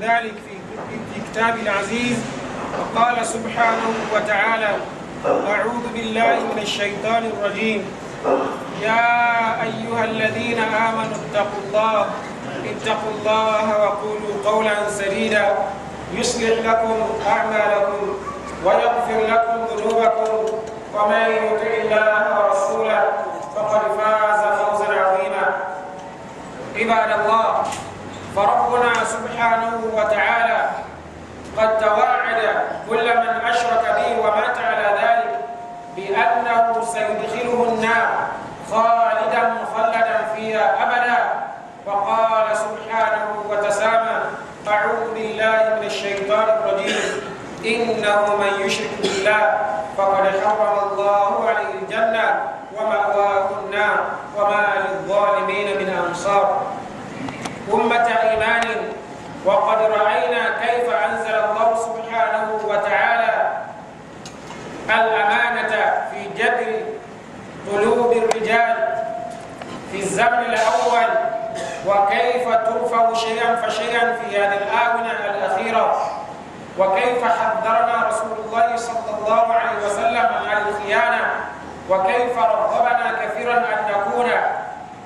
ذلك في كتاب العزيز وقال سبحانه وتعالى أعوذ بالله من الشيطان الرجيم يا أيها الذين آمنوا اتقوا الله اتقوا الله وقولوا قولا سديدا يصلح لكم أعمالكم ويغفر لكم ذنوبكم ومن يطع الله ورسوله فقد فاز فوزا عظيما عباد الله فربنا سبحانه وتعالى قد توعد كل من أشرك به ومات على ذلك بأنه سيدخله النار خالدا مخلدا فيها أبدا وقال سبحانه وتسامى أعوذ بالله من الشيطان الرجيم إنه من يشرك بالله فقد حرم الله عليه الجنة ومأواه النار وما للظالمين من أنصار أمة إيمان وقد رأينا كيف أنزل الله سبحانه وتعالى الأمانة في جبر قلوب الرجال في الزمن الأول وكيف ترفع شيئا فشيئا في هذه الآونة الأخيرة وكيف حذرنا رسول الله صلى الله عليه وسلم عن الخيانة وكيف رغبنا كثيرا أن نكون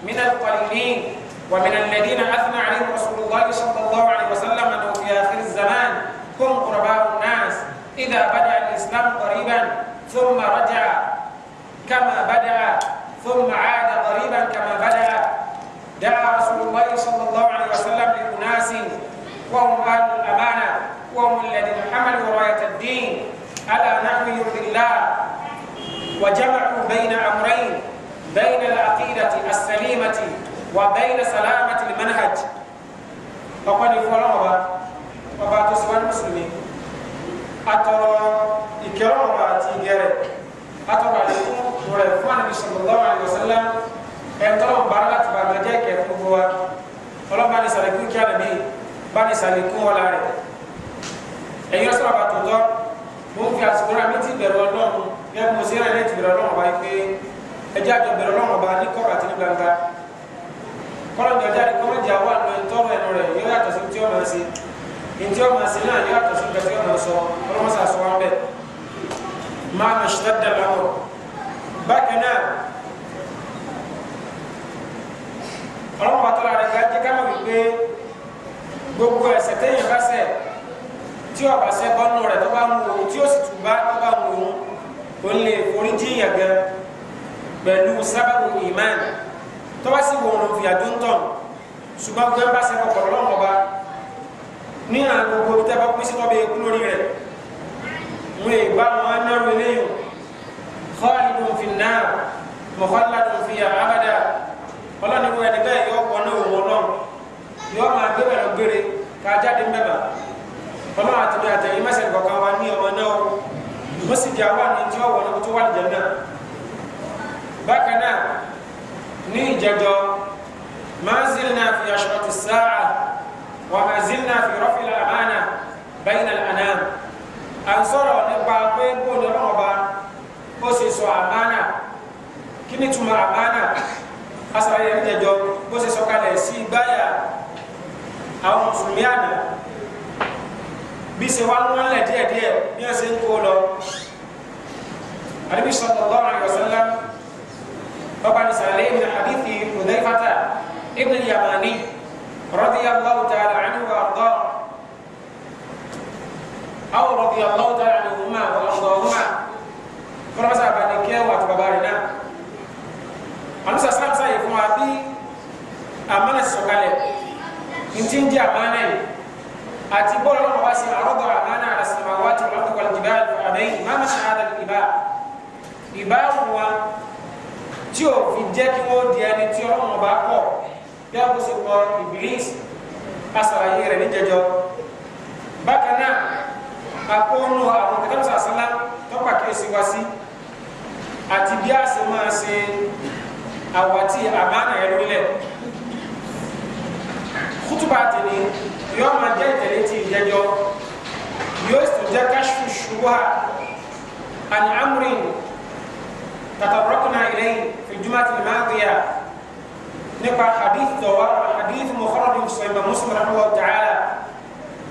من القليلين ومن الذين أثنى عليهم رسول الله صلى الله عليه وسلم أنه في آخر الزمان هم قرباء الناس إذا بدأ الإسلام قريبا ثم رجع كما بدأ ثم عاد قريبا كما بدأ دعا رسول الله صلى الله عليه وسلم لأناس وهم أهل الأمانة وهم الذين حملوا راية الدين على نحو يرضي الله وجمعوا بين أمرين بين العقيدة السليمة wa bayna salamati al-manhaj ọkọ ni fọlọ ọba ọba tó sọgbọn mùsùlùmí atọrọ ìkẹrọ ọba àti ìgẹrẹ atọrọ àlékún rẹ fún Ànábì sallallahu alaihi wasallam ẹtọrọ bàrà láti bàgbà jẹ kẹfù fún wa ọlọba ní sàlẹkùn kí alẹ mi bá ní sàlẹkùn ọlá rẹ ẹyin ọsọ àbàtò tọ mo ń fi àsìkò rẹ mi ti bẹ̀rù Ọlọ́run yẹ kó mo sí rẹ lẹti bẹ̀rù Ọlọ́run ọba yìí pé ẹjẹ àjọ bẹ̀rù Ọlọ́run ọba ní kọ̀rọ̀ àti ní gbangba kọ́lọ́dọ̀ jáde kọ́mọ́jà wà lọ tọ́rọ ẹnu rẹ̀ yóò yàtọ̀ sí tí ó máa ṣe ntí ó máa ṣe náà yóò yàtọ̀ sí tí ó máa sọ ọlọ́mọṣà sọ wọn bẹ́ẹ̀ máa mi ṣe dáadáa lọ́wọ́ bákan náà ọlọ́mọ àtọ́lá rẹ̀ ká jẹ́ káwọn wípé gbogbo ẹ̀ṣẹ̀ téèyàn bá ṣẹ̀ tí ó bá ṣẹ̀ bọ́nú rẹ̀ tó bá ń wo tí ó sì tù bá tó bá ń wo òun lè forí jíìyàn gan pẹ̀lú sábàbù ìmáàmù tọ́ba sì wọ̀ ọ̀nà fìyà dún tán ṣùgbọ́n gbọ́n bá ṣe kọ̀kọ̀ lọ́wọ́ ọba ní àwọn gbogbo tẹ́ bá pín sí tọ́ba ekú lórí rẹ̀ wọ́n lè gbá wọn náró eléyìí khalidun fi nar mukhalladun fiha abada ọlọ́ni wo ẹni bẹ́ẹ̀ yọ ọkọ̀ náà wọ̀ lọ́n yọ máa gbé bẹ̀rẹ̀ gbére ká jáde mẹ́ba ọlọ́run àtẹ̀mí àtẹ̀yìn mẹ́sẹ̀ kọ̀ọ̀kan wa ní ọmọ náà wọ́n sì di àwọn àníjọ́ wọ̀ lọ́kùtù wà lìjẹ̀ náà bákan náà ní ìjẹjọ mazilna fi ashrati sa'a wa mazilna fi rafil amana bayna al-anam à ń sọ̀rọ̀ nípa pé bóde ọlọ́ọ̀ba ó ṣe sọ àmánà kí ni túmọ̀ àmánà asàlẹ̀ ní ìjẹjọ bó ṣe sọ kalẹ̀ sí gbáyà àwọn mùsùlùmí àná bí ṣe wá wọn lẹ̀ díẹ̀díẹ̀ bí wọ́n ṣe ń kó lọ àdébísọ̀ sallallahu alaihi wasallam طبعا السلالي من حديث حذيفة ابن اليماني رضي الله تعالى عنه وأرضاه أو رضي الله تعالى عنهما وأرضاهما فرمسا بانكيا واتبابارنا أنا سأسلم سيكون أبي أمانة سوكالي إنتين دي أمانة أتي بولا لما باسي أرضى أمانة على السماوات والأرض والجبال فأبين ما مش هذا الإباء إباء هو tí ò fi jẹ́ kí wọ́n di ẹni tí ọlọ́run ọba kọ̀ bí a kò ṣe kọ Iblis asàlàyé rẹ̀ níjẹjọ bákan náà àkóónú àwọn kẹtàmùsà àsálá tọ́pà kíyèsí wá sí àti bí a ṣe máa ṣe àwàtí àmánà ẹ̀ lórílẹ̀ kútùbà tèmi yóò máa jẹ́ ìtẹ̀lé ti ìjẹjọ yóò sì tún jẹ́ káṣíṣù wá àni amúrin تطرقنا إليه في الجمعة الماضية نقع حديث دوار حديث مخرج صحيح مسلم رحمه الله تعالى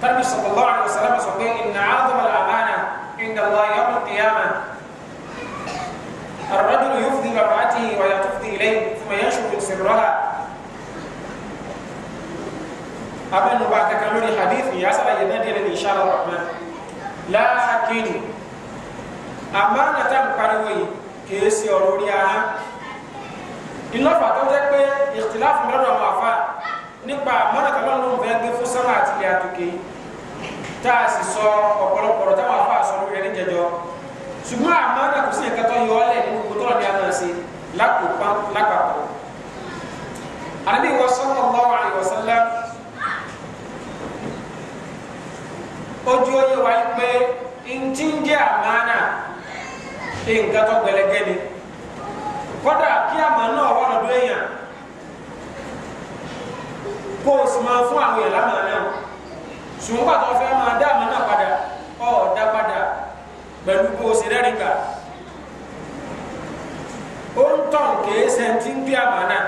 تربي صلى الله عليه وسلم صحيح إن عظم الأمانة عند الله يوم القيامة الرجل يفضي لرأته ولا تفضي إليه ثم ينشر سرها أبا نبعك كمري حديث يسأل ينادي إن شاء الله الرحمن لكن أمانة قروي kìí ṣe ọ̀rọ̀ orí ara iná fà tó jẹ́ pé ìtìláfù lọ́dọ̀ àwọn àfa nípa mọ́nàkà máa ń lóun fẹ́ gé fún sánmà àti ilé àtòkè tá a sì sọ ọ̀pọ̀lọpọ̀ ọ̀rọ̀ táwọn àfa sọ lórí ẹni jẹjọ ṣùgbọ́n àmọ́nà kò sí ẹ̀ka tó yọ ọ́lẹ̀ nínú gbogbo tọ́lọ̀ ní àmọ́ ṣe lákòópa lápapọ̀ àdébí wọ sallallahu alaihi wasallam ojú oyè wáyé pé ń nǹkan tó gbẹlẹgẹ ni kódà kí àmọ́ náà wà lọ́dún èèyàn kó o sì máa fún àwọn èèyàn lánàá náà ṣùgbọ́n pàtó fẹ́ máa dá àmọ́ náà padà ọ̀ dá padà pẹ̀lú kó o sì rẹ́rìn kà ó ń tàn kìí ṣe ti ń bí àmọ́ náà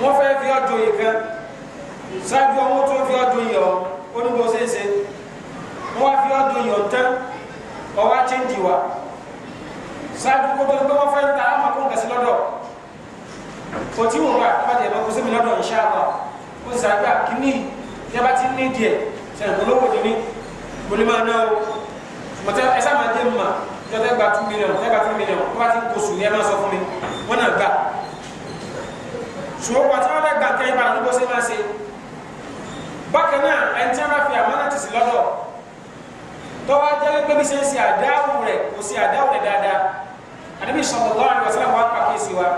wọ́n fẹ́ fi ọjọ́ yìí kan ṣáájú ọmọ tó fi ọjọ́ yìí ọ̀ fi o wa change wa saadu ko do ko ma fay ta ma ko gasi lodo o ti won ba ba de ba ko se mi lodo inshallah ko sa ba kini ya ba tin ni die se ko lo wodi ni ko le ma na o mo te esa ma de ma to te gba 2 million te gba 3 million ko ba tin ko su ya ma sọ fún mi wọ́n na gba so wa ti le gba te ba ni ko se ma se bákan náà en ti ba fi amana ti si lodo tawa jala ko bi sen siya dawure ko siya dawure dada annabi sallallahu alaihi wasallam wa pa kisiwa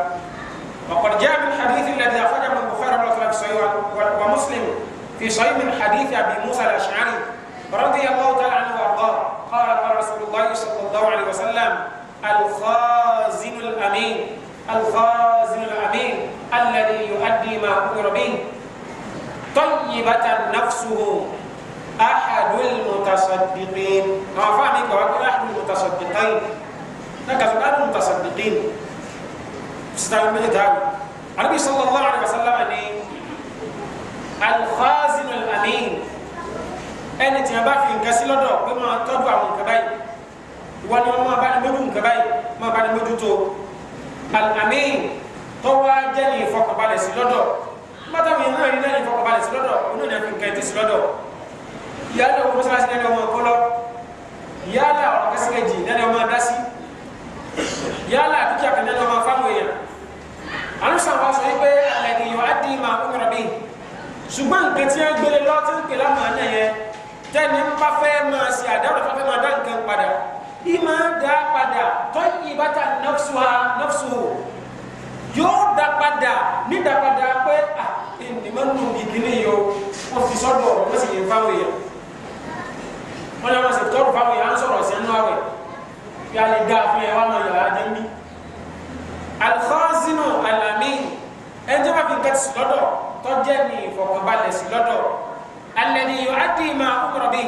wa qad jaa min hadith alladhi akhrajahu al-bukhari wa sahih wa muslim fi sahih min hadith abi musa al-ash'ari radiyallahu ta'ala anhu wa qala qala rasulullah sallallahu alaihi wasallam al-khazin al-amin الخازن الأمين الذي يؤدي ما أمر به طيبة نفسه ahadul mutasaddiqin àwọn afáàmì gbà wá pé ahadul mutasaddiqin náà kàtó ahadul mutasaddiqin sitani mele daalu anabi sallallahu alaihi wasallam ni alkhazin alamin ẹni tí a bá fi nǹkan sí lọ́dọ̀ pé máa tọ́jú àwọn nǹkan báyìí wọn ni wọn máa bá ní mójú nǹkan báyìí máa bá ní mójú tó alamin tó wá jẹ́ ní ìfọkànbalẹ̀ sí lọ́dọ̀ mọ́tàmí náà ní náà ní ìfọkànbalẹ̀ sí lọ́dọ̀ onú ní a fi nǹkan ẹ̀tí sí lọ́dọ̀ yala o masalasi nana ma kɔlɔ yala o ka sika ji nana ma dasi yala a tuja ka nana ma famu ya anu san wa sɔn ipe alaki yɔ adi ma o yɔrɔ bi ṣùgbọ́n nǹkan tí wọ́n gbélé lọ́tí ń pè lánàá náà yẹn tẹ́ni ń bá fẹ́ máa ṣe ada tó fẹ́ máa dá nǹkan padà ìmọ̀ dá padà pada. ìbátà nọ́fṣuha nọ́fṣuhu yóò dá padà ní dá padà pé ah ènìmọ́ nù ìkíní yìí o wọ́n fi sọ́dọ̀ wọ́n sì yẹn fáwọn èèyàn wọn náà máa ṣe tọrọ fáwọn yàrá ń sọ̀rọ̀ ọsẹ nínú àwẹ̀ bí a lè dá a fún yẹn wọn máa yàrá jẹ mí. alikọ́sínú alami ẹjọ́ bá fi gẹ́tì sí lọ́dọ̀ tọ́jẹ́ ní ìfọ̀kànbalẹ̀ sí lọ́dọ̀ alẹ́ ni yóò á dì í máa kúkúrọ̀ bíi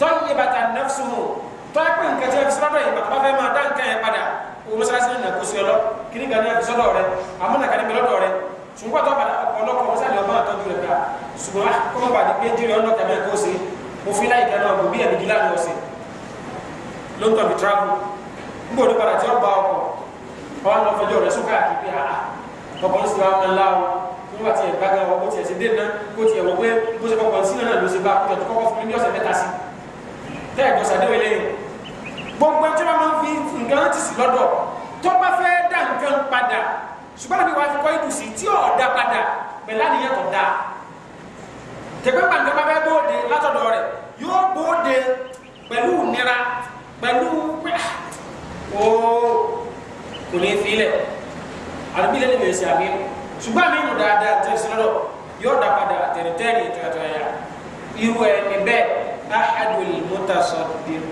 tọ́lẹ̀ bàtà nafsuhu tọ́lápẹ̀ nǹkan tí a fi sọ́dọ̀ yìí bàtà bá fẹ́ máa dá nǹkan yẹn padà mọ́sálásí náà kó sí ọlọ́ mo fi láì dáná ọgbọ̀n bí ẹ̀mí gíga ní ọ̀sẹ̀ travel ń gbòdó padà tí ó gba ọkọ̀ ọ̀ ń lọ fẹjọ́ rẹ̀ sún káàkiri pé àá ọkọ̀ ló sì wá ń lá o nígbà tí ẹ̀ bá gan ọkọ̀ tiẹ̀ sí dé ná kó tiẹ̀ wọ pé bó ṣe kọ́kọ́ sí náà ló ṣe bá kó tó kọ́kọ́ fún mi ní ọ̀sẹ̀ mẹ́ta sí tẹ́ ẹ̀gbọ́n sàdéwé lẹ́yìn gbogbo ẹjọ́ máa fi nǹkan ti sì lọ́dọ̀ tó bá fẹ́ nǹkan padà ṣùgbọ́n àbí wàá fi kọ́ ìdùsí tí ò tẹ̀gbẹ́ gbàǹdẹ́gbà bẹ́ẹ̀ bóde látọ̀dọ̀ rẹ̀ yóò bóde pẹ̀lú nira pẹ̀lú pẹ́ ah, ooo kò ní fi lẹ̀ àdúgbò ilé nìyẹn sí àmì ṣùgbọ́n àmì ìnù dáadáa tẹ̀ sí lọ́dọ̀ yóò dá padà tẹ̀rẹ̀tẹ̀rẹ̀ tẹ̀rẹ̀tẹ̀rẹ̀ irú ẹni bẹ́ẹ̀ ahadul mutasaddiqin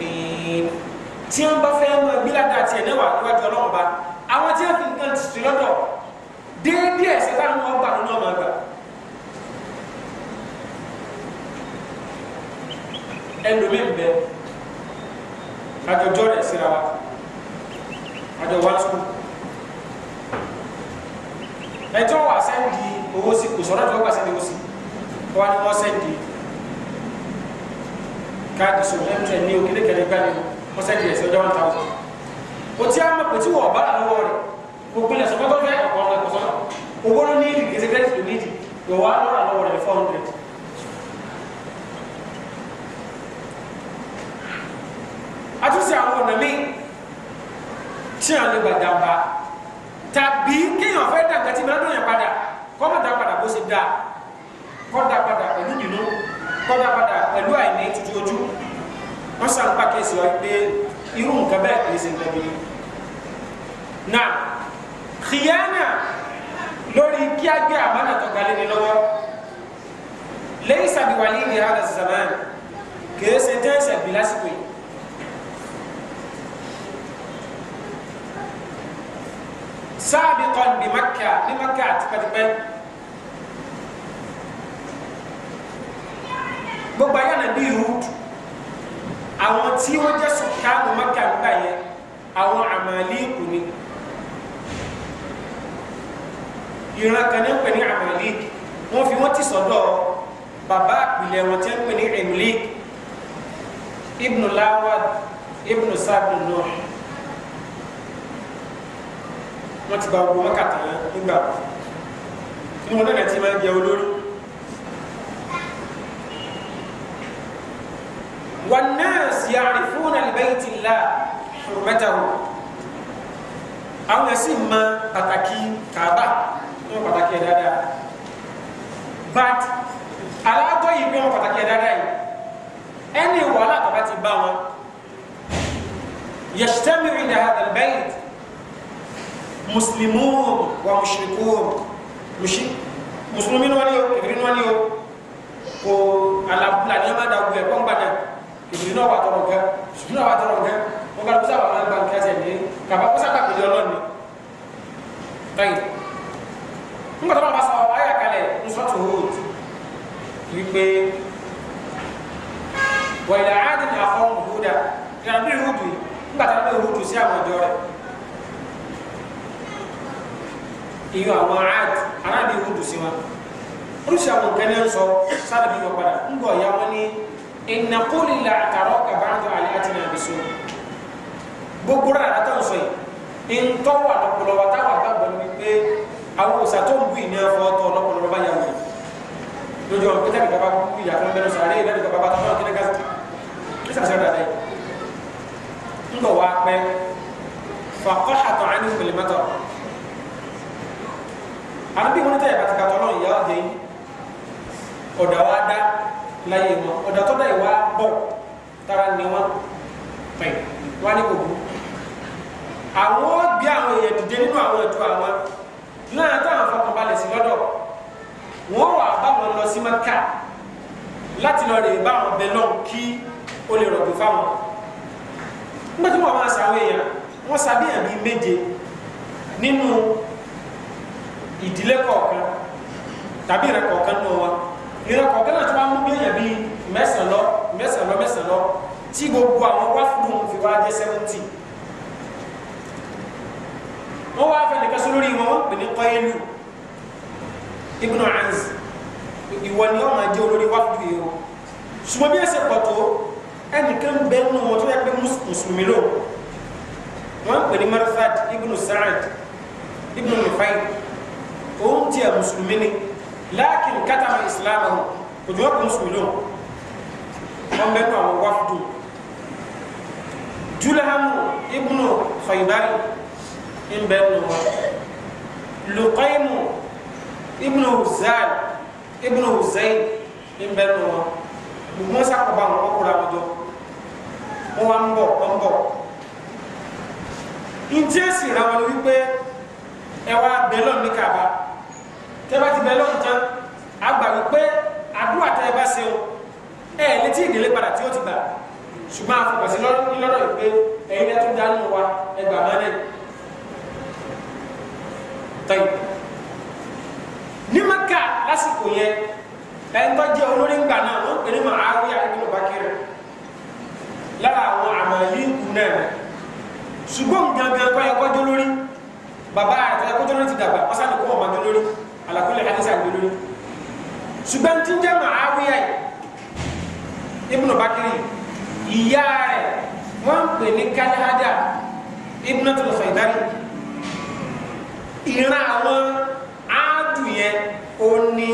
tí wọ́n bá fẹ́ mọ ìgbìlàdà tiẹ̀ náà wà níwájú ọlọ́run bá àwọn tí wọ́n fi nǹkan tì sí lọ́dọ̀ déédéé ẹ̀sẹ̀ táwọn ọgbà nínú ọmọ àgbà ẹlòmíì ń bẹ àjọjọ rẹ síra wa àjọ one school ẹjọ́ wà sẹ́ndì owó sí kò sọ̀rọ̀ ìjọba sẹ́ndì owó sí wà ní wọ́n sẹ́ndì káàdì sọ̀rọ̀ ní òkèlè kẹlẹ́ gbá ni wọ́n sẹ́ndì ẹ̀sẹ̀ ọjọ́ one thousand o tí a ma pè tí wọ́n bá la lọ́wọ́ rẹ̀ o gbé lẹ́sọ̀ pátọ́ fẹ́ ọ̀pọ̀ ọ̀rọ̀ ẹ̀kọ́ sọ́nà owó ló ní ìdí kìí ṣe kẹ́lẹ́sì ló ní ìdí ìwọ́ á lọ́wọ́ rẹ̀ four àti sẹ àwọn ọ̀nà mi tí a lè gbàdàgbà tàbí kéèyàn fẹ́ dàgbà tí mẹ́rin yẹn padà kọ́ mọ̀ dá padà bó ṣe dá kọ́ dá padà pẹ̀lú yìnyín kọ́ dá padà pẹ̀lú àìní tuntun ojú wọ́n sàn pa kéèsì ọ pé irú nǹkan bẹ́ẹ̀ kì í ṣe nǹkan bíi na kìyànà lórí kí a gbé àmàlà tó ga lé lọ́wọ́ lẹ́yìn sàbíwálé ìhàlẹ̀ tẹ́sẹ̀ bí lásìkò سابقا بمكة لمكة tipẹ́tipẹ́ gbogbo ayé anabi Hud àwọn tí wọ́n jẹ́ sùkánù Mẹ́kà nígbà yẹn àwọn Àmàlíkù ni ìran kan ní pè ní Àmàlíkù wọ́n fi wọ́n ti sọ́dọ̀ bàbá àpilẹ̀ wọn tí wọ́n pè ní Imlik ibnu Lawad ibnu Sabnu Nuh wọ́n ti gba gbogbo wákàtí yẹn nígbà wọn wọn náà ti máa jẹ olórí. wọn náà sì àrífúnà lìbẹ́yìntì ńlá ṣùgbọ́n àwọn sì mọ pàtàkì kàbá wọn pàtàkì ẹ̀ dáadáa but aláàtọ̀ yìí pé wọn pàtàkì ẹ̀ dáadáa yìí ẹni wàhálà tó bá ti bá wọn yẹ̀ṣítẹ́mìrì ní àdàlbẹ́yìntì muslimun wa mushrikun mushi muslimin wani o kibirin wani o ko alabula ni ma da gbe kon bana kibirin wa toro ga sunna wa toro ga o ga kusa wa ma ban ka se ni ka ba kusa ka kibirin lon ni tai ngo to ba sa wa ya kale nso to hut wí pé wa ila adin akhum huda ya bi hudu ngata bi hudu si àwọn jore ìyọ àwọn ad aráàlú ìwọ dùn sí wa oríṣi àwọn nǹkan náà ń sọ sára bí wọn padà ń bọ̀ ya wọn ní ìnàkóòlì la àtàrọ̀ kàbáńtò àlẹ́ àti náà bí so gbogbo rẹ̀ àtàtà ń sọ yìí ń tọ́wọ́ àtọ̀pọ̀lọ̀ wa táwọn àgbàgbọ́ ni wípé àwọn òòsà tó ń bu ìní ẹ̀fọ́ ọ̀tọ̀ ọlọ́pọ̀lọ́ bá yà wọ̀ lójú ọ̀n pété ní bàbá kúkú ìyá fún bẹ́ẹ̀ sọ̀rọ̀ ẹ̀yẹ́ ní bàbá tó náà ń bọ̀ wá àbí wọn tẹ̀yà bàtìkà tọ́lọ́ ìyá ọ̀jẹ̀ yìí ọ̀dà wa dá láyé wọn ọ̀dà tọ́dà yìí wá bọ̀ tara ní wọn pẹ̀ wá ní kòkó àwọn bí àwọn èèyàn dìde nínú àwọn ẹ̀dùn àwọn náà táwọn afọkànbalẹ̀ sí lọ́dọ̀ wọn wà bá wọn lọ sí maka láti lọ rè bá wọn bẹ lọ kí o lè rọ̀gbìn fáwọn nígbà tí wọn máa sàwọn èèyàn wọn sàbíyàn bíi méje nínú ìdílé kọ̀ọ̀kan tàbí ìrẹ kọ̀ọ̀kan nù wọn ìrẹ kọ̀ọ̀kan náà tí wọ́n á mú bí èèyàn bíi mẹ́sàn lọ mẹ́sàn lọ mẹ́sàn lọ tí gbogbo àwọn wá fún un fi wá jẹ́ sẹ́wọ́ntì wọ́n wá fẹ́ nìkan sọ lórí wọn wọ́n pè ní kọ́yẹ́lú ibùdó anz ìwọ ni wọ́n máa jẹ́ olórí wákùtù yìí o ṣùgbọ́n bí ẹsẹ̀ pọ̀tó ẹnìkan bẹ́ẹ̀ nù wọn tó yẹ pé mùsùlùmí lò wọ́n pè ní marfad ibùdó sa'ad ibùdó nufai òun tiẹ̀ mùsùlùmí ni láàkì kátàmù ìsìlámù òjò ọkùn mùsùlùmí lòun wọn bẹ́ẹ̀ náà wọ́n wá fún un julahamu ibnu faibari ń bẹ́ẹ̀ nù wọn ibnu huzan ibnu huzain ń bẹ́ẹ̀ nù wọn gbogbo sábà wọn kọ́kọ́rọ́ àwọn jọ wọn wá ń bọ̀ wọn ń bọ̀ ntí èsì ìrànwọ́ ni wípé ẹ wá kaba tẹ́bá ti bẹ lọ́run tán àgbà wípé àdúrà tẹ́ ẹ ṣe o ẹ ní tí ìdílé padà tí ó ti gbà ṣùgbọ́n àfọkànsí lọ́rọ̀ ìpè ẹ̀yin ẹ̀ tún dánú wa ẹgbàá máa náà tọ́yì ní maka lásìkò yẹn ẹ̀ńtọ́ jẹ́ olórí ńgbà náà wọ́n pè ní Muawiya ibn Bakir lára àwọn àmàlí ìkù náà ṣùgbọ́n gangan kọ́ ẹ̀kọ́jọ́ lórí bàbá àti ẹ̀kọ́jọ́ lórí ti dàgbà ọ̀sán ni kò wọ́n máa jọ lórí alakule hadisa gbolo ṣùgbọ́n tí ń jẹ́ màáwíyá ibùnú bakiri ìyá rẹ̀ wọ́n ń pè ní kálíhádà ibùnú tó lọ́sọ̀ ìdarí ìran àwọn áàdù yẹn ó ní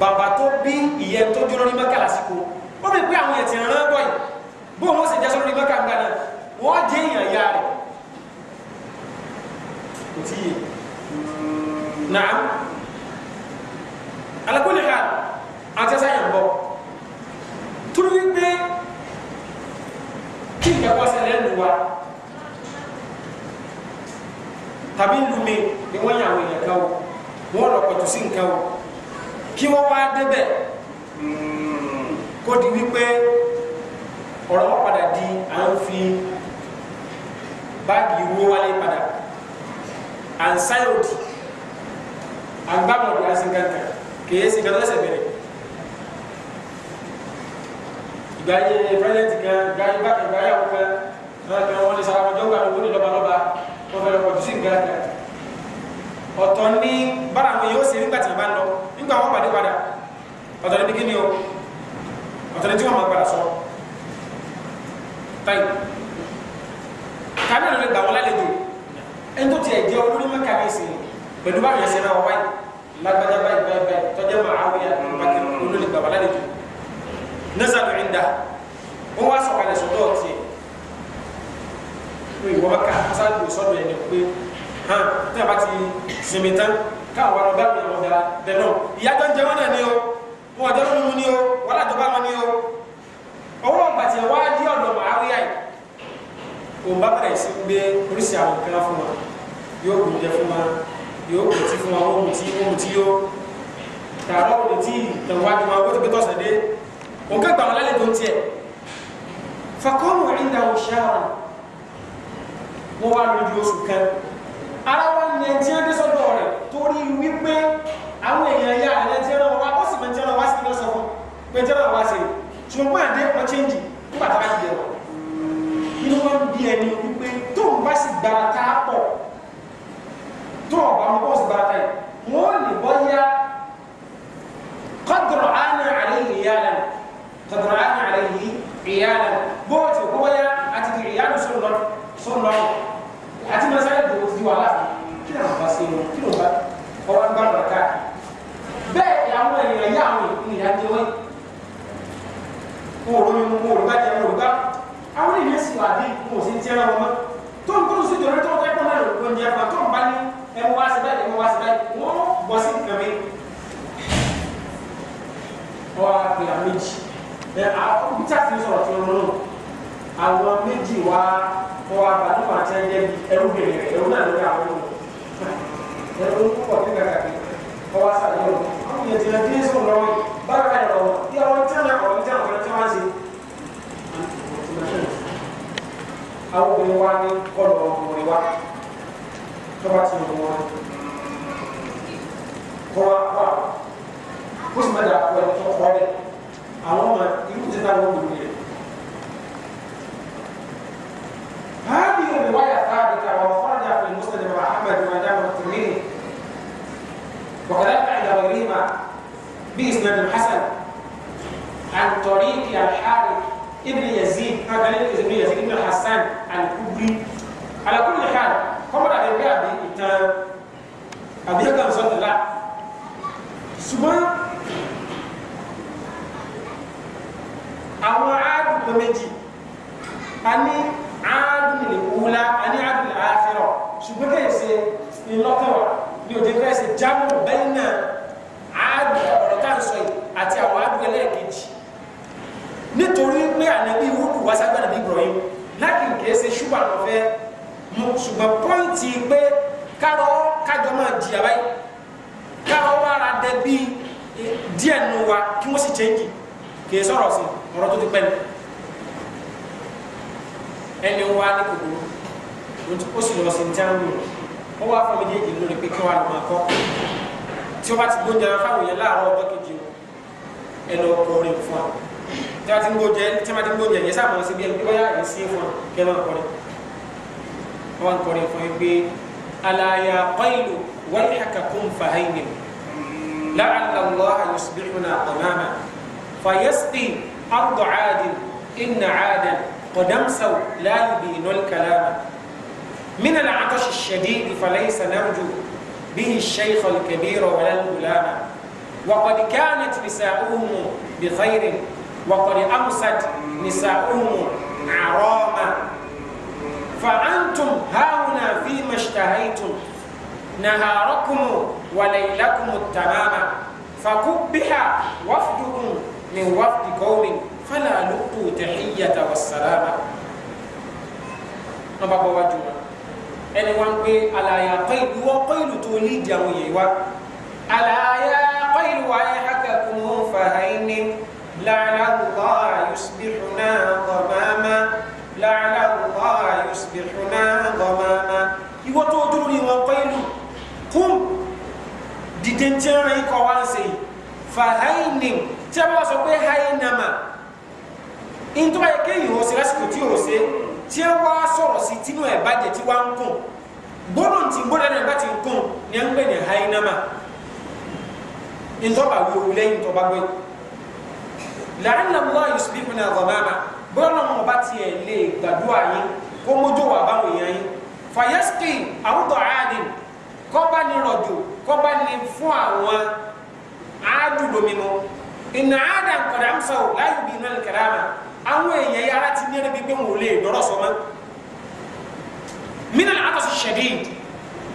bàbá tó bí ìyẹn tó dúró ní mẹ́kà lásìkò ó rí i pé àwọn yẹn ti rán bọ̀ yìí bó wọn sì jásọ́ lórí mẹ́kà na'am ala kulli hal ati sa yan bo turu be ki ga ko sa len wa tabi lumi ni wọ́n ya wọ́n ya kawo wọ́n lo ko tu sin kawo kí wọ́n wá débẹ̀ hmm, kó di wọn padà di à ń fi báàgì ìwé wálé padà à ń agbábọ̀dé asinkanta kìí sì kàtà ẹsẹ̀ bẹ̀rẹ̀ ìgbàyé pírẹ́sẹ̀ntì kan ìgbàyé bá kan ìgbàyé àwọn kan náà kan wọ́n lè sara wọn jọ́gbà lọ́wọ́ ní lọ́ba lọ́ba wọ́n fẹ́rẹ̀ pọ̀ jùsí nǹkan kan ọ̀tọ̀ ní bára àwọn yóò ṣe nígbà tí ìbá ń lọ nígbà wọn pàdé padà ọ̀tọ̀ níbi kíni o ọ̀tọ̀ ní tí wọ́n máa padà sọ táyì kábíyàn lè gbà wọn lálejò ẹni tó tiẹ̀ jẹ́ olórí mọ́ kábíyèsí ni pẹ̀lú báwọn yẹn sẹ́ra wáyé lágbájá báyìí báyìí báyìí tọ́jà máa àwọn yà ló bá kiri olú ni bàbá lálejò nasa ló ń da wọn wá sọ̀kalẹ̀ sọ̀tọ̀ ọ̀tí pé ìwọ bá ká sáájú sọ́dọ̀ ẹ̀ ní pé hàn tí a bá ti sinmi tán káwọn ọ̀rọ̀ bá mi àwọn ọ̀dà bẹ̀ náà ìyá tó ń jẹ wọn náà ni o wọn ọ̀dọ́ mímu ni o wọn àjọba wọn ni o ọwọ́ àgbàtì ẹ̀ wá dí ọ̀dọ̀ màáríà yìí òun bá bẹ̀rẹ̀ sí gbé oríṣi àwọn kan fún wa yóò gbìyànjẹ fún wa yóò kò tí fún wa ó mú tí ó mú tí ó tààrà ò lè tí ìtàwájú wa ó ti pé tọ̀sán dé òun kẹ́gbà wọn lálẹ́ tó ń tiẹ̀ fakọ́nù ìdá òṣàrà wọ́n wá lójú oṣù kan ara wa ní ẹni tí wọ́n dé sọ́dọ̀ rẹ̀ torí wípé àwọn èèyàn ya ẹni tí wọ́n wá ó sì mẹ́tí wọ́n wá sí ní ọ̀sán fún mẹ́tí wọ́n wá sí ṣùgbọ́n àdé wọn chẹ́ǹjì nígbà tá a bá ti dẹ̀ inú wọn bí ẹni wípé tóun bá sì gbára tá a sọ̀rọ̀tẹ̀ wọ́n ní bọ́yá kọ́dùrọ̀ àánú àlẹ́yìn ìyáàlá kọ́dùrọ̀ àánú àlẹ́yìn ìyáàlá bóòtù kó bọ́yá àti kì ìyáàlú sọ̀rọ̀ àti masáyà dòwò ti wà láti kí ló ń bá sí inú kí ló ń bá ọwọ́ ń bá lọ ká bẹ́ẹ̀ ni àwọn èèyàn yá àwọn ènìyàn jẹ wọ́n wọn ò lómi mú wọn ò bá jẹ wọn ò bá àwọn èèyàn sì wà bí wọn ò sì ń tiẹ́ wọn mọ́ tó ń kó lóṣù tó ń tó ń kẹ́kọ̀ọ́ náà ló ń jẹ́ fún wa tó ń bá ní ẹ mú wá sí báyìí ẹ mú wá sí báyìí wọ́n bọ́ sí nǹkan mi. ọ àpè àméjì ẹ àwọn bí táàtì ń sọ̀rọ̀ tí wọ́n lò àwọn méjì wá ọ àbàdúgbò àti ẹyẹ ẹrú bèrè ẹrú náà lórí àwọn ọmọ ẹrú púpọ̀ bí kàkàkì ọ wá sàlẹ̀ ọ àwọn yẹn ti lọ dé sọ̀rọ̀ lọ́wọ́ bára ẹ̀ تباتي نمور هذه الرواية ثابتة ومخرجة في المسند أحمد وما دام وكذلك عند غيرهما بإسناد حسن عن طريق الحارث ابن يزيد ابن يزيد ابن الحسان الكبري rẹ̀ pé àbí ìtàn àbí ẹ̀ka ń sọ̀tẹ̀ la ṣùgbọ́n àwọn àádùn méjì a ní àádùn lè wúlá a ní àádùn lè àfẹ́rọ̀ ṣùgbọ́n kẹ́ ẹ̀ ṣe ńlọ́kọ̀wà ní òde fẹ́ ṣe jámù bẹ́ẹ̀ náà àádùn ọ̀rọ̀ tá à ń sọ yìí àti àwọn àádùn ẹlẹ́ẹ̀kejì nítorí pé ànábì wúdù wá sábà nàbí Ibrahim lákìkẹ́ ṣe ṣùgbọ́n àwọn ṣùgbọ́n pọ́ǹtì pé kárọ̀ kájọ máa di àbá yìí kárọ̀ wà ra dẹ bí díẹ̀ nù wa kí wọ́n sì chẹ́ǹgì kì í sọ̀rọ̀ sí ọ̀rọ̀ tó ti pẹ́ ni ẹni wa ní kòkòrò lótú ó sì lọ sí ti àwọn èèyàn ó wá fún mi déjì lórí pé kí wọn àlùmọ akọ tí wọn bá ti gbóúnjẹ wọn fáwọn èèyàn láàárọ̀ ọjọ́ kejì o ẹnu ọkọ orin fún wa tí wọn ti gbóúnjẹ tí wọn ti gbóúnjẹ yẹn sábà wọn sí bí ẹni pé wọn yára yẹn sí fún wa kí ẹ máa wọn kọrin fún yín pé alaya qailu walhakakum fahaymin la'alla allah yusbihuna qamama fayasqi عاد aadin inna قد امسوا لا يبين الكلام من العطش الشديد فليس نرجو به الشيخ الكبير ولا الغلام وقد كانت نساؤهم بخير وقد امست نساؤهم عراما فأنتم هاهنا فيما اشتهيتم نهاركم وليلكم التمام فكبح وفدكم من وفد قوم فلا لقوا تحية والسلام نبقى وجوه ẹni wọn pe alaya kọilu wọn kọilu tó ní ìdí àwọn yẹn wa alaya kọilu wa ayé haka kún un fa àyíní làlá lọ́wọ́ àyùsùbìrún náà kọ̀ máa máa làálà wà yusbihu náà gbọmọmọ ìwọ tó dúró ní wọn pẹ́lú kún dìde tí ń rìn kọ́ wá ń sè fa hainim tí a bá sọ pé hainama ntọ́ba yẹ kéèyàn ó ṣe lásìkò tí ó ṣe tí a wá sọ̀rọ̀ sí tínú ẹ̀ bàjẹ́ tí wá ń kùn gbọ́dọ̀ tí gbọ́dọ̀ náà bá ti ń kùn ní à ń pè ní hainama ntọ́ba wíwú lẹ́yìn tọ́ba gbé làálà wà yusbihu náà gbọmọmọ bóyá náà wọn bá tiẹ̀ lè gbàdúrà yín kó mójú wà báwọn èèyàn yín fàyẹ́sìkì àwùjọ àádìn kọ́ba ni rọ̀jò kọ́ba ni fún àwọn àádùlómìnú ìnà àádà nkọ̀dà ń sọ láyé bí iná nìkẹ̀rẹ́ àmà àwọn èèyàn yìí ara ti ní ẹni gbígbé wọn ò lè dọ́rọ̀ sọ mọ́ mínà àtọ̀sí ṣẹ̀dí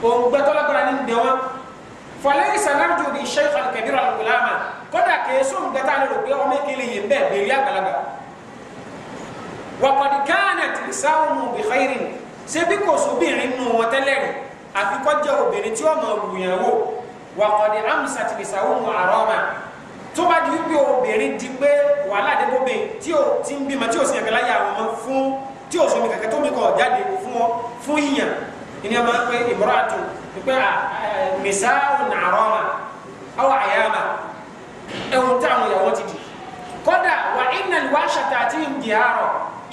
òǹgbẹ́tọ́lágbára ní ìdẹ́wọ́n fọlẹ́ ìsànàjò ní sẹ́yìn kàlùkẹ́dìrà ọ̀gbọ̀lá àmà kọ́dà kẹ́sọ̀ òǹgbẹ́tà lè rò pé ọmọ ìkẹlẹ̀ yìí bẹ́ẹ̀ bẹ̀rẹ̀ àgbàlagbà wakọ̀dí kánẹ̀t ìsáwùmù bìkẹ́rì ṣebí kò sóbìnrin nù wọn tẹ́lẹ̀ rẹ̀ àfikọ́ jẹ́ obìnrin tí ó mọ̀ wùyàn wò wakọ̀dí amsat ìsáwùmù àrọ́mà tó bá di wípé obìnrin di pé wàhálà dé bóbe tí ó ti ń bímọ tí ó sì yàn kẹlẹ́ yà wọn fún tí ó sọmi kẹ̀kẹ́ tó mi kọ̀ jáde fún ọ fún yíyàn ìní ọmọ pé ìmúratù pé ah,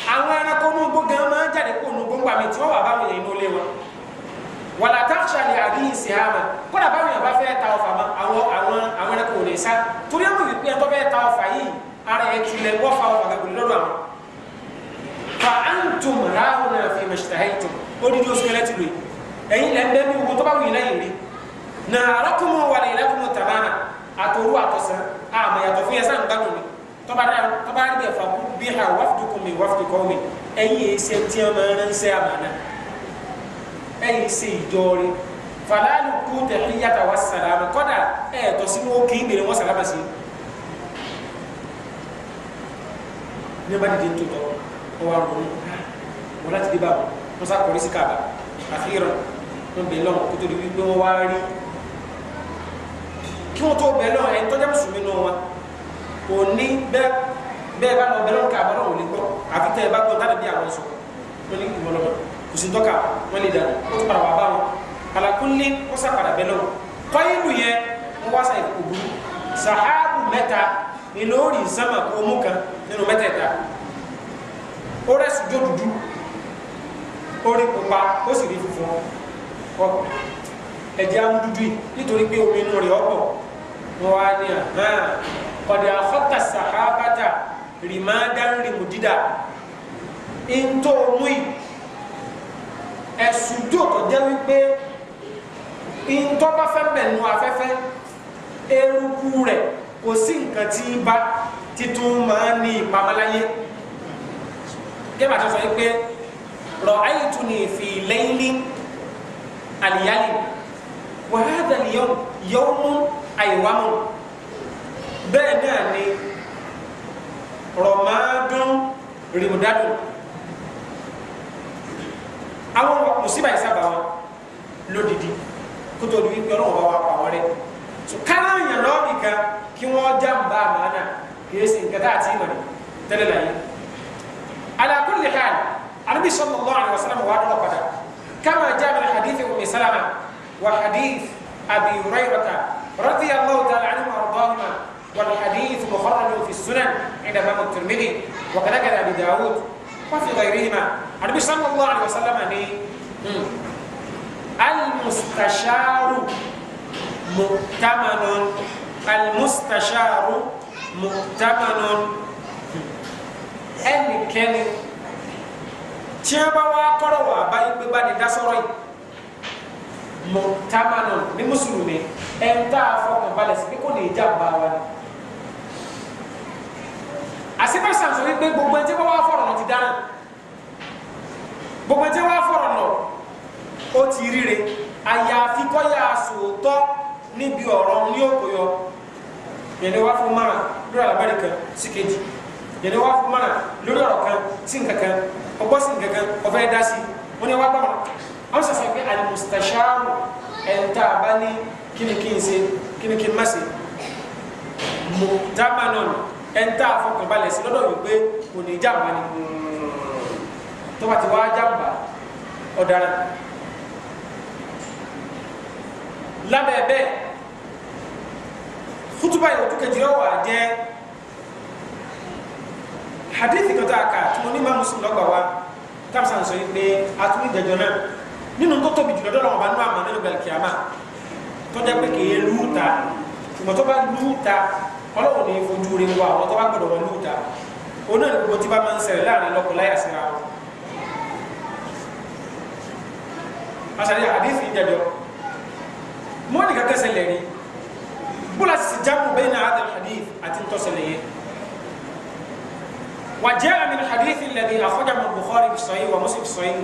àwọn ẹranko ní ugbó gan máa ń jáde kó nu gbóngbà mi tí wọ́n wà báwọn èèyàn lé wọn wàlá táṣàlì àdìyí sí kódà báwọn èèyàn bá fẹ́ ta ọfà mọ́ àwọn àwọn àwọn ẹranko ò lè ta ọfà yìí ara wọ́n fa ọfà gàgbé lọ́dọ̀ àwọn fa antum odidi ti ń tó tọ́ba rí bẹ́ẹ̀ fa kú bí ha wàftu kùmí wàftu kọ́mi ẹ̀yin yìí ṣe tiẹ̀ máa ń ṣe àmàna ẹ̀yin ṣe ìjọri falalu kú tẹ̀lé yàtà wà sàlámù kọ́dà ẹ̀ tọ́ sínú ó kéé mèrè wọ́n sàlámà sí. ní bá dìde tó tọ́ ọ wà ronú wọn ah, láti dé báwọn wọn sá kọrí sí kaba àfihàn wọn bẹ̀ lọ́wọ́ kótó di wípé wọ́n wá rí kí wọ́n tó bẹ̀ lọ́wọ́ ẹ̀ tọ́jà mùsùlùmí náà wọn òní bẹ́ẹ̀ bẹ́ẹ̀ bá lọ bẹ́ẹ̀ ká bọ́lọ̀ òní gbọ́ àfi tẹ́ ẹ bá gbọ́ tá níbi àwọn sọ wọ́n ní ìmọ̀lọ́mọ da, sí tọ́ka wọ́n lè dànù ó ti padà wà bá wọn àlàkùnlé ó sà padà bẹ́ẹ̀ lọ́wọ́ kọ́yìnù yẹn wọ́n wá sàyẹ̀ kò burú sàhábù mẹ́ta ni lórí sánmà kó mú kan nínú mẹ́tẹ̀ẹ̀ta ó rẹ̀ sùjọ́ dúdú ó rí pupa ó sì rí funfun ọkọ̀ ẹ̀jẹ̀ amúdúdú yìí nítorí pé omi inú rẹ̀ ọkọ̀ wọ́n wá ní àná kọ̀dí àkọ́tà sàhábàtà rìmádán rìmùdídà ntọ́ mùí ẹ̀sùn tó tó jẹ́ wípé ntọ́ bá fẹ́ bẹ̀nu afẹ́fẹ́ eruku rẹ̀ kò sí nǹkan tí ń bá titun máa ń ní ìpamọ́láyé gẹ́gẹ́ bá a ti sọ yìí pé rọ̀ àyètú ni fi bẹ́ẹ̀ náà ni rọ̀mádún rìmùdádùn àwọn mùsíbà ìsábà wọn lódìdí kótó ni wípé ọlọ́wọ́ bá wà pa wọn rẹ kára yàn lọ́ọ̀dì kan kí wọ́n já ń bá àmàna kìí ṣe nǹkan tá a ti mọ̀ ní tẹ́lẹ̀ láyé ala kulli hal anabi sallallahu alaihi wasallam wa dọrọ padà kama jaa min hadith umi salama wa hadith abi hurayrata radiyallahu ta'ala anhu wa ardahuma والحديث مخرج في السنن عند الإمام الترمذي وكذلك أبي داود وفي غيرهما النبي صلى الله عليه وسلم المستشار مؤتمن المستشار مؤتمن ẹnikẹ́ni كان a bá wá kọ́rọ̀ داسوري مؤتمن yí gbégbá ni dásọ̀rọ̀ yìí mọ̀tàmánù ní àṣìbẹ̀ sàǹsọ̀ wípé gbogbo ẹni tí wọ́n wá fọ̀rọ̀ náà ti dáná gbogbo ẹni tí wọ́n wá fọ̀rọ̀ náà ó ti ríre àyàfi kọ́ yà sòótọ́ níbi ọ̀rọ̀ ní òkòyọ yẹni wá fún mara lórí àlámọ̀rí kan sí kejì yẹni wá fún mara lórí ọ̀rọ̀ kan sí nǹkankan ọgbọ́ sí nǹkankan ọ̀fẹ́ dá sí wọ́n ní wá gbàmọ̀ àwọn sọ̀sọ̀ pé alimustasharu ẹ̀ńtà bá ní kíni kí n ṣe kíni kí n má ṣe mùtámánọ́nù ẹ̀ńtà àfọkànbalẹ̀ sí lọ́dọ̀ wípé kò ní jàmbá ni tó bá ti wá jàmbá ọ̀daràn lábẹ́ bẹ́ẹ̀ kútùbà yìí òtúkẹ̀jì yóò wà jẹ́ hadithi kan tó a kà tí mo ní ma muslim lọ́gbà wa tábìsà ń sọ yìí pé a tún ní ìdẹ̀jọ́ náà nínú tó tóbi jùlọ dọ́lọ́ wọn bá nú àmọ́ nínú gbẹ̀lì kìámà tó pé kì í lù ú bá lù ọlọ́run ní fojú rẹ wọ àwọn tó bá gbọdọ̀ wọn lóòótá òun náà gbogbo tí bá máa ń ṣẹlẹ̀ láàrin lọ́kọ láyà síra wọn. àṣàlẹ̀ àdéhùn ìjẹ̀jọ́ mọ́ọ̀nì kankan ṣẹlẹ̀ rí bóla sì jábù bẹ́ẹ̀ náà àdàlù hadith àti ntọ́sẹ̀lẹ̀ yẹn. وجاء من حديث الذي أخرجه البخاري في الصحيح ومسلم في الصحيح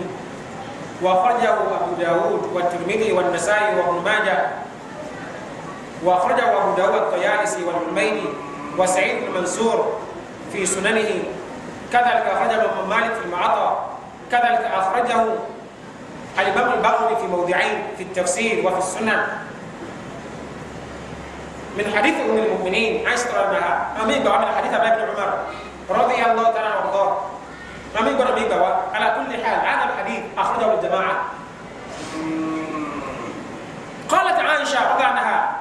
وأخرجه أبو داود والترمذي والنسائي وابن ماجه وأخرجه أبو داود الطيالسي والحميدي وسعيد بن منصور في سننه كذلك أخرجه ابن مالك في المعطى كذلك أخرجه الإمام البغوي في موضعين في التفسير وفي السنن من حديث أم المؤمنين عائشة رضي الله عنها أمي بوا من حديث أبي عمر رضي الله تعالى وارضاه أمي بوا أمي بوا على كل حال هذا الحديث أخرجه الجماعة قالت عائشة رضي عنها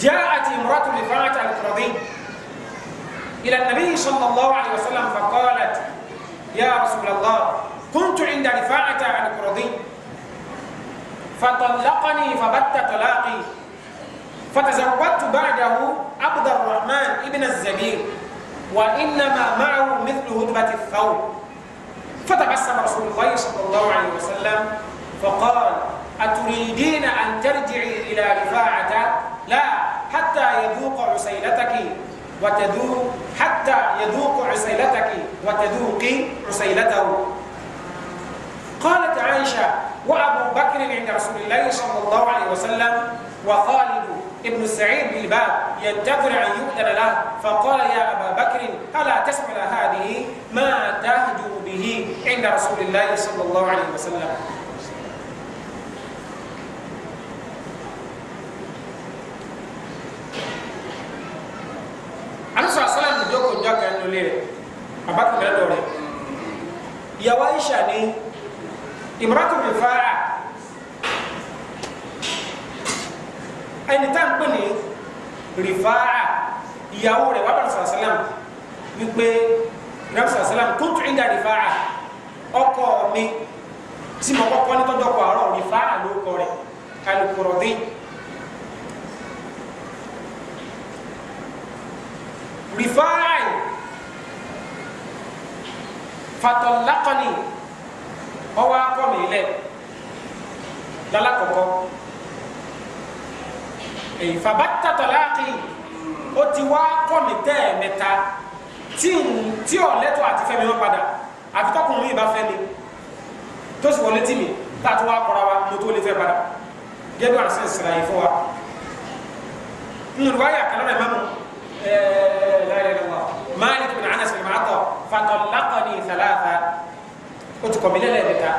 جاءت امرأة رفاعة القرضي إلى النبي صلى الله عليه وسلم فقالت يا رسول الله كنت عند رفاعة القرضي فطلقني فبت طلاقي فتزوجت بعده عبد الرحمن ابن الزبير وإنما معه مثل هدبة الثوب فتبسم رسول الله صلى الله عليه وسلم فقال أتريدين أن ترجعي إلى رفاعة لا حتى يذوق عسيلتك وتذوق حتى يذوق عسيلتك وتذوقي عسيلته قالت عائشة وأبو بكر عند رسول الله صلى الله عليه وسلم وخالد ابن سعيد بالباب ينتظر أن يؤذن له فقال يا أبا بكر ألا تسمع هذه ما تهجو به عند رسول الله صلى الله عليه وسلم bàbá kan bẹ̀rẹ̀ lọ́rẹ̀ ìyàwó Aisha ni ìmọ̀ràtò mi fa ẹni tá à ń pè ní rìfáà ìyàwó rẹ̀ wà bàrà sàlám wípé rẹ̀ sàlám tó tún ìdá rìfáà ọkọ mi tí mo kọ́kọ́ ní tọ́jú ọkọ̀ àárọ̀ rìfáà ló kọ rẹ̀ alukọ̀rọ̀dé. rìfáà yìí fatọlakọni ọwọ akọmi lẹ lalakọkọ èyí fabata tọlaki ó ti wá kọmi tẹ mẹ́ta tí ń tí ò lẹ́tọ̀ àti fẹ́mi wọn padà àti tọkùnrin yìí bá fẹ́mi tó sì wọlé tì mí tá a tó wá kọra wa mo tó lè padà gẹbi wà sí ìsirà yìí fún wa nínú wáyà kálọ́rẹ̀ mọ́mú ẹ̀ẹ́dẹ́gbẹ̀rún wa Malik bin Anas bin Atọ fatọlakọni salasa o ti kọmi lẹlẹ de ta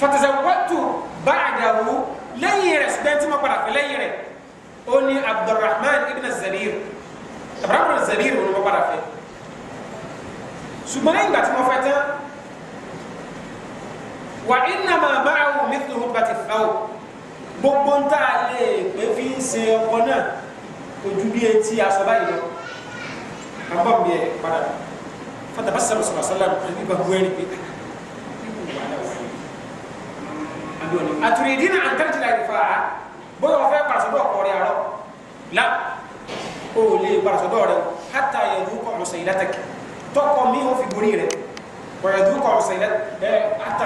fatazawwatu ba'dahu lẹ́yìn rẹ̀ sibẹnti ma kpara fẹ́ lẹ́yìn rẹ̀ ó ní abdulrahman ibn zarir abdulrahman ibn zarir ó ní ma kpara fẹ́ ṣùgbọ́n lẹ́yìn gbàtí mo fẹ́ tán wa innama ma'ahu mithlu bati fawo gbogbo ntá lè pé fi ń ṣe ọkọ náà ojú bí etí aṣọ báyìí lọ. حمام بيه بدر فتبسم صلى الله عليه وسلم حبيبه وين أتريدين أن ترجع رفاعة بوي وفاء برسدو قوري عرو لا قولي برسدو عرو حتى يذوق عسيلتك تقوم ميه في بريره ويذوق عسيلت حتى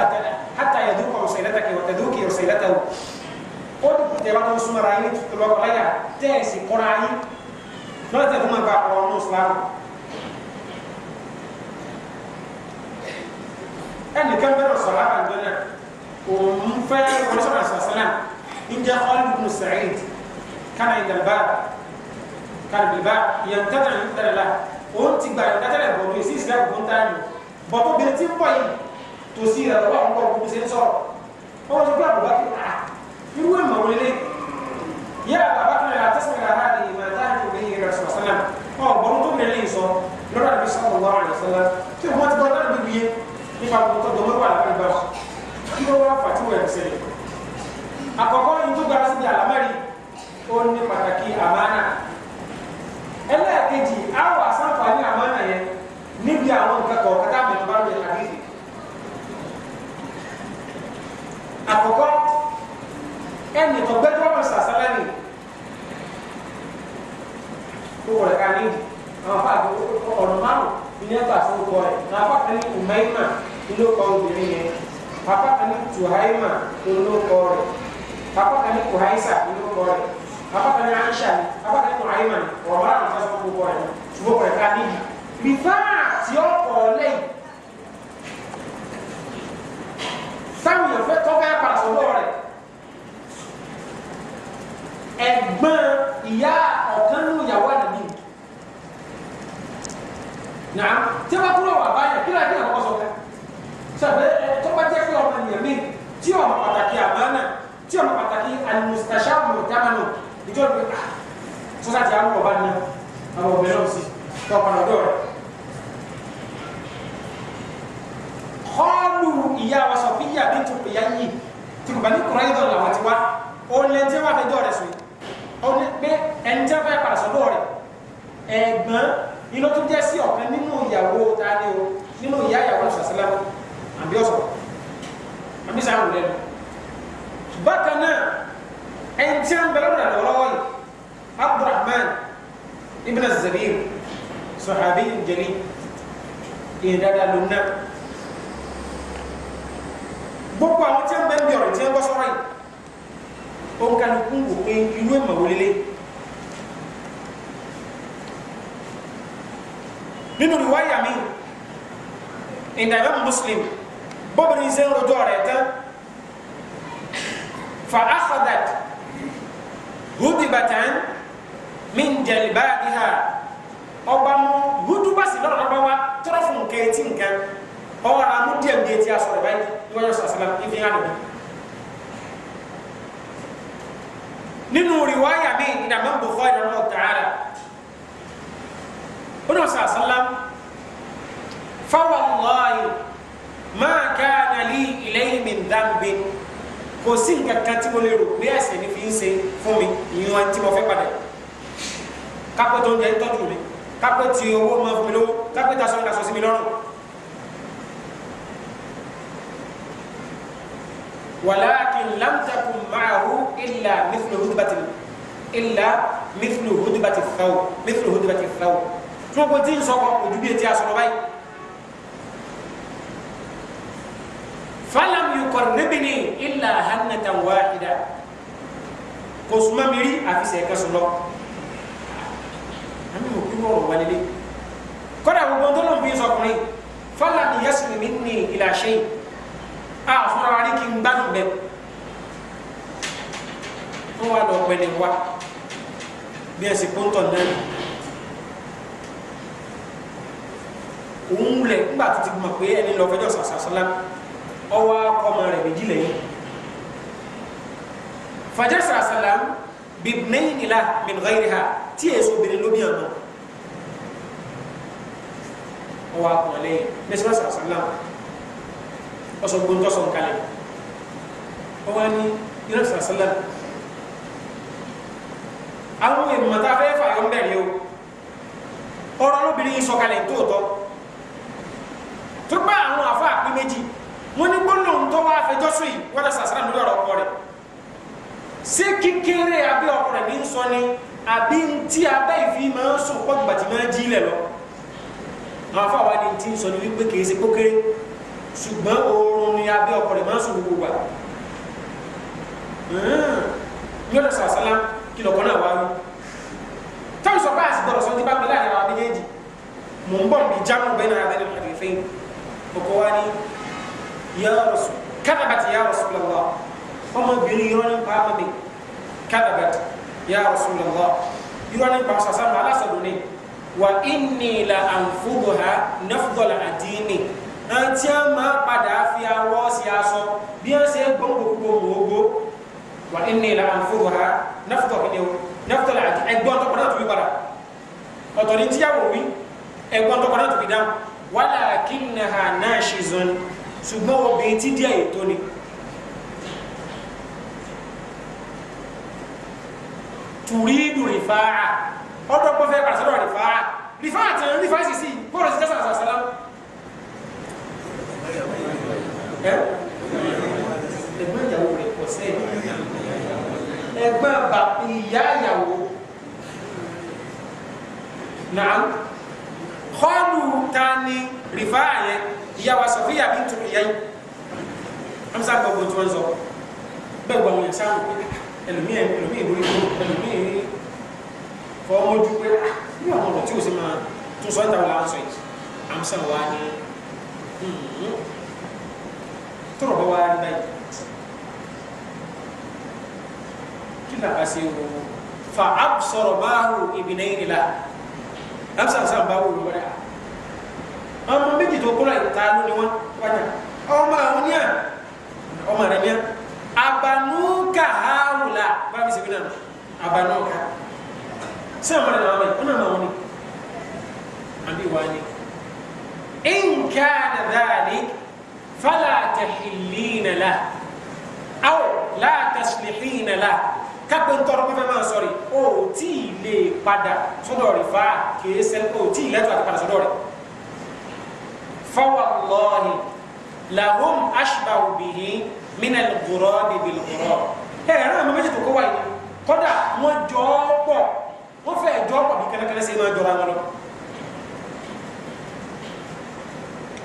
حتى يذوق عسيلتك وتذوقي عسيلته قل تبقى سمرايني تلوك ليا تاسي قرعي lọ́dọ̀ tẹ̀ fún àgbà ọ̀rọ̀ ọ̀nù ìsìlámù ẹnì kan bẹ̀rẹ̀ sọ̀rọ̀ àgbàdo náà òun fẹ́ wọ́n sọ̀rọ̀ àṣàṣàlá ń jẹ́ ọ́lùkùn sa'id kánà ìdàlbà kánà ìdàlbà ìyẹn tẹ́tà ní ìdàlbà òun ti gbà ìdájọ́lẹ̀ bọ̀dọ̀ èsì ìsìlámù tó ń tà ní bọ̀dọ̀ bẹ̀rẹ̀ tí ń bọ̀ yìí tòsí ìrẹ̀lọ́wọ́ àwọn ọkọ̀ òkú يا أبا لا تسمع هذه ما ذهب به الرسول صلى الله عليه وسلم أو برضو من اللي يصو نرى النبي صلى الله عليه وسلم كيف ما تقول أنا بيبي كيف أبو دمر ولا أبو بكر كيف هو فاتوا يمسلي أكوكو إنتو قرأت بي على مري أني pàtàkì أمانة إلا àwọn أو àmánà فاني أمانة يعني nǹkan kọ̀ọ̀kan tá a mẹ́nu bá lóye àdéhìí ẹnì tó gbẹdúrà lọ sàṣálẹ ni ó wọlé ká ní àwọn afá àti ọ̀nà márùn ilé ẹgbà fún ọkọ rẹ ní apá kan ní umaima ilé ọkọ obìnrin yẹn apá kan ní tuhaima ilé ọkọ rẹ apá kan ní kuhaisa ilé ọkọ rẹ apá kan ní aisha apá kan ní muhaima ọ̀rọ̀ márùn fún ọkọ rẹ ṣùgbọ́n wọlé ká níbi rìfáà tí ọkọ̀ lẹ́yìn. sáwọn èèyàn fẹ́ tọ́ fẹ́ padà sọ́dọ̀ ẹ̀gbọ́n ìyá ọ̀kan nù ìyàwó àdàbí nà tí wọ́n kúrò wà báyìí kí lóò dé àwọn ọ̀sán ká sọ̀rọ̀ ẹ tó bá jẹ́ pé ọmọ ènìyàn mi tí ah, ọmọ pàtàkì àmàna tí ọmọ pàtàkì alimusitasa mọ̀tàmánu ìjọ ìgbé ká sọ́sà ti àwọn ọba ní àwọn ọbẹ̀ náà sí tọ́pọ̀ lọ́dọ̀ rẹ̀ kọ́ọ̀lù ìyá wa sọ̀fíyà bí tùpìyà yìí tùpìyà ní kùrẹ́dọ̀ làwọn ti wá ó lẹ́ńtẹ́ wà fẹ́jọ́ rẹ̀ sùn ọdún pé ẹni tí a fẹ́ padà sọ́dọ̀ rẹ̀ ẹ̀gbọ́n iná tó jẹ́ sí ọ̀kan nínú ìyàwó ta ni o nínú ìyá ìyàwó sàṣẹlá àbí ọ̀sọ̀ àbí sàmù lẹ́nu bákan náà ẹni tí a ń bẹ̀rẹ̀ rẹ̀ lọ́wọ́ yìí abdulrahman ibn zabir sahabi jeli ìdada lónà gbogbo àwọn tí a ń bẹ̀rẹ̀ tí ń bọ́ sọ́rọ̀ yìí òǹkàlùkù wò pé irú ìmọ̀ wò lélẹ̀ nínú ìwáyà mi ìdàgbà muslim bọ́bìnrin ṣe ń rojọ́ rẹ̀ tán fa akhadat hudibatan min jalbabiha ọba mu huduba sí lọ́rọ̀ lọ́ba wa tọrọ fún kẹ́ẹ̀tì nǹkan ọ̀rọ̀ amúdíẹ̀ bíi etí aṣọ báyìí wọ́n yọ sọ̀sọ̀ la ìfihàn nìyí. nínú riwaya mi ní Imam Bukhari lọ́wọ́ tààrà ó náà sàásálám fawallahi ma kana li ilayhi min dhanbin kò sí nǹkan kan tí mo lè rò pé ẹ̀ṣẹ̀ ní fi ń ṣe fún mi ìyẹn wọn tí mo fẹ́ padà kápẹ́ tó ń jẹ́ tọ́jú mi kápẹ́ tí owó máa mi lówó kápẹ́ tá a sọ ní aṣọ mi lọ́rùn. ولكن لم تكن معه إلا مثل هدبة إلا مثل هدبة الثوب مثل هدبة الثوب tó ko tí n sọ kọ ojú bí etí asọ̀rọ̀ báyìí falam yuqarribni illa hannatan wahida kò suma mi rí àfisẹ̀ kan sọ̀rọ̀ àmì ò kí wọ́n wà lélẹ̀ kọ́dà gbogbo tó lọ́n fi sọkùnrin falam yasmi minni ila shay a fúnra wa ní kí n gbádùn bẹ wọn wà lọ pẹ̀lẹ́ wa bí ẹ sì pọntọ náà òun lẹ ńgbà tó ti mọ̀ pé ẹni lọ fẹjọ́ sàṣàṣọlá ọwọ́ akọmọ rẹ méjì lẹ́yìn fàjẹ sàṣàlá bibnayin ila min ghayriha tí èso obìnrin ló bí ọ̀nà ọwọ́ akọmọ lẹ́yìn mẹsàn-án sàṣàlá ọsọ gbogbo ntọ́sọ̀ nkalẹ̀ wọ́n wá ní irọ́ sàṣẹlẹ̀ àwọn èèmọ̀ tá a fẹ́ fà yọ̀ ń bẹ̀rẹ̀ o ọ̀rọ̀ ọlọ́bìnrin sọ̀kalẹ̀ tóòtọ́ tó gbá àwọn àfa àpé méjì wọ́n ní gbólóhùn tó wá fẹjọ́ sùn yìí wọ́n dẹ̀ sàṣẹlẹ̀ lórí ọ̀rọ̀ ọkọ rẹ̀ ṣé kékeré abẹ́ ọkọ rẹ̀ ní sọ ni àbí ntí abẹ́ ìfi máa ń sùn pọ̀ gbàtí máa ń jí ilẹ̀ lọ àwọn àfa wa ni ntí ń sọ ni wípé kì ṣe kókéré ṣùgbọ́n oorun ni abẹ́ ọkọ rẹ̀ máa ń sùn gbogbo wa yọ̀nà hmm. sàlásálá kìlọ̀ kan náà wá rí táwọn sọ pé àsìkò ọ̀sán ti bá pẹ́ láàrin àwọn méjèèjì mò ń bọ̀ bí jámù bẹ́ẹ̀ náà abẹ́rẹ́ àgbẹ̀ fẹ́ ọkọ̀ wa ní yàrọ̀sù kábàbàtì yàrọ̀sù lọ́wọ́ ọmọbìnrin yọrọ nípa àmọ́ mi kábàbàtì yàrọ̀sù lọ́wọ́ yọrọ nípa sàsánu àti à máa padà fi awọ sí aṣọ bí wọ́n ṣe gbọ́ngbòkúgbò mòógbó wà ní ìlà àǹfóòrò ha náfùtọ̀ kí ni o náfùtọ̀ là ẹgbọ́n tó padà tó fi padà ọ̀tọ̀ ní tíyàwó wí ẹgbọ́n tó padà tó fi dáhùn wàlà kí ni ha náà ṣe zọ́n ṣùgbọ́n obìnrin tí díẹ̀ ètò ni. tùrídù rìfáà ọdọ gbọfẹ pàṣẹ lọ rìfáà tẹ rìfáà sì sí bọ́ọ̀lù sí ẹ ẹ̀gbọ́n ìyàwó rẹ̀ pọ̀ sẹ́yìn ẹ̀gbọ́n bá ìyá ìyàwó náà kọ́ọ̀lù ta ni rìfáà yẹn ìyàwó Sọfíyà bí tún ìyá yìí amúsá gbogbo tí wọ́n sọ bẹ́ẹ̀ gbọ́ àwọn ẹ̀sán ẹlòmíì ẹlòmíì lórí ẹlòmíì fọwọ́n ojú pé ah, ní àwọn ọ̀rọ̀ tí ò sí máa tún sọ́ńtà wọn láwọn sọ yìí amúsá wa ni tọrọ bá wá rí báyìí kí là bá ṣe wò ó fa absọrọ báwo ìbìnà yìí la absọrọ báwo ìbìnà yìí la ọmọ méjì tó kúrò ìta ló ni wọn wájà ọmọ àwọn ní à ọmọ rẹ ní à abanuka hawula báwo ṣe fi náà abanuka sẹ́wọ̀n mọ́ra náà wọ́n ní ọ̀nà àwọn ní àbí wàá ní. إن كان ذلك فلا تحلين له أو لا تصلحين له kápẹ́ ntọ́rọ pípẹ́ máa ń sọ rí o tí ì lè padà sọ́dọ̀ rí fa kìí sẹ́ni o tí ì lẹ́tọ̀ àti padà sọ́dọ̀ rí. fawallahi lahum ashbahu bihi min al-ghurabi bil-ghurab. ẹ ẹ ràn mí méjì tó kó wáyé kódà wọ́n jọ ọ́ pọ̀ wọ́n fẹ́ẹ́ jọ ọ́ pọ̀ bí kẹ́lẹ́kẹ́lẹ́ sẹ́yìn máa jọra wọn lọ.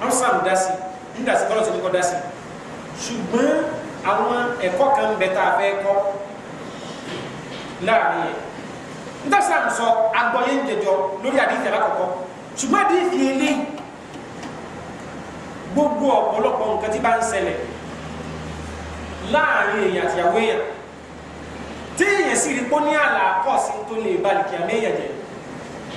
àwọn sàn dasi ń dasi kọ́lọ̀ sí ní kọ́ dasi ṣùgbọ́n àwọn ẹ̀kọ́ kan bẹ tá a fẹ́ kọ́ láàrin yẹn ń dasi à ń sọ agbọ́yé ń jẹjọ lórí àdìsí alákọ̀ọ́kọ́ ṣùgbọ́n àdìsí eléyìí gbogbo ọ̀pọ̀lọpọ̀ nǹkan tí bá ń ṣẹlẹ̀ láàrin èèyàn àtìyàwó èèyàn téèyàn sì rí pọ́ ní àlàkọ́ sí tó lè balùkì àmì èèyàn jẹ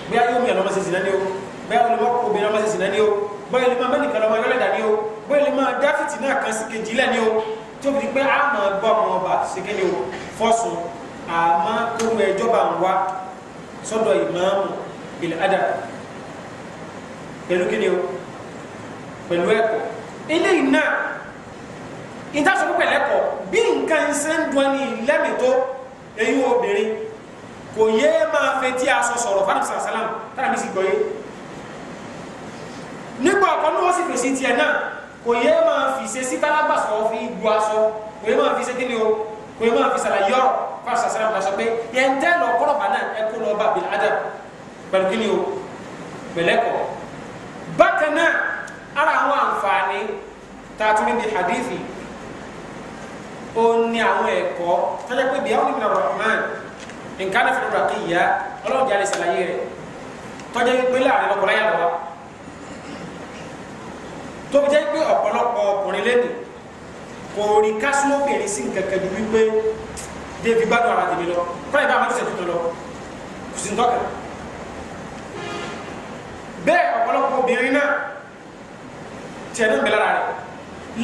bí a yóò mìíràn ọmọ ṣe sì náà ní o bí a yóò lè mọ́kò obìnrin ọmọ ṣe sì náà ní o bóyá lè máa bá nìkan lọ́mọ yọlẹ̀ dání o bóyá lè máa dá fìtì náà kan sí kejì lẹ́ni o tó fi pé a máa gbọ́ ọmọ ọba ṣèké ni o fọ́sùn àmọ́ tó ń ẹjọ́ bá ń wá sọ́dọ̀ ìmáàmù bil adab pẹ̀lú kí o pẹ̀lú ẹ̀kọ́ eléyìí náà ìtàsọ̀kọ́ pẹ̀lú ẹ̀kọ́ bí nǹkan ṣe ń dun ẹni lẹ́mìí tó ẹ̀yin obìnrin kò yéé máa fetí aṣọ sọ̀rọ̀ fún àdùsàn sálàmù tára mi sì gbọ́ yé nígbà ọ̀kan ní wọ́n sì fèsì tiẹ̀ náà kò yẹ máa fi ṣe sí tálágbàsọ fi lu aṣọ kò yẹ máa fi ṣe kíni o kò yẹ máa fi ṣàlàyé ọ̀rọ̀ fún àṣàṣàrà mi aṣọ pé yẹn tẹ́ lọ kọ́lọ́bà náà ẹ kó lọ bá bil adab pẹ̀lú kíni o pẹ̀lẹ́kọ̀ bákan náà ara àwọn àǹfààní tá a tún níbi hadithi ó ní àwọn ẹ̀kọ́ tọ́jà pé bí àwọn ìbìlẹ̀ rahman nǹkan náà fi rọra kí ìyá ọlọ́run jáde ṣàlàyé rẹ̀ tọ́jà wípé láàrin ọkọ̀ láyà tó fi jẹ́ pé ọ̀pọ̀lọpọ̀ ọkùnrin lẹ́nu kò rí kásùn obìnrin sí nǹkan kan ju wípé débi gbádùn ara tèmi lọ kọ́lá ìbá àmọ́tí ṣètò lọ kò sí ntọ́ka bẹ́ẹ̀ ọ̀pọ̀lọpọ̀ obìnrin náà tiẹ̀ ní ìbẹ̀lára rẹ̀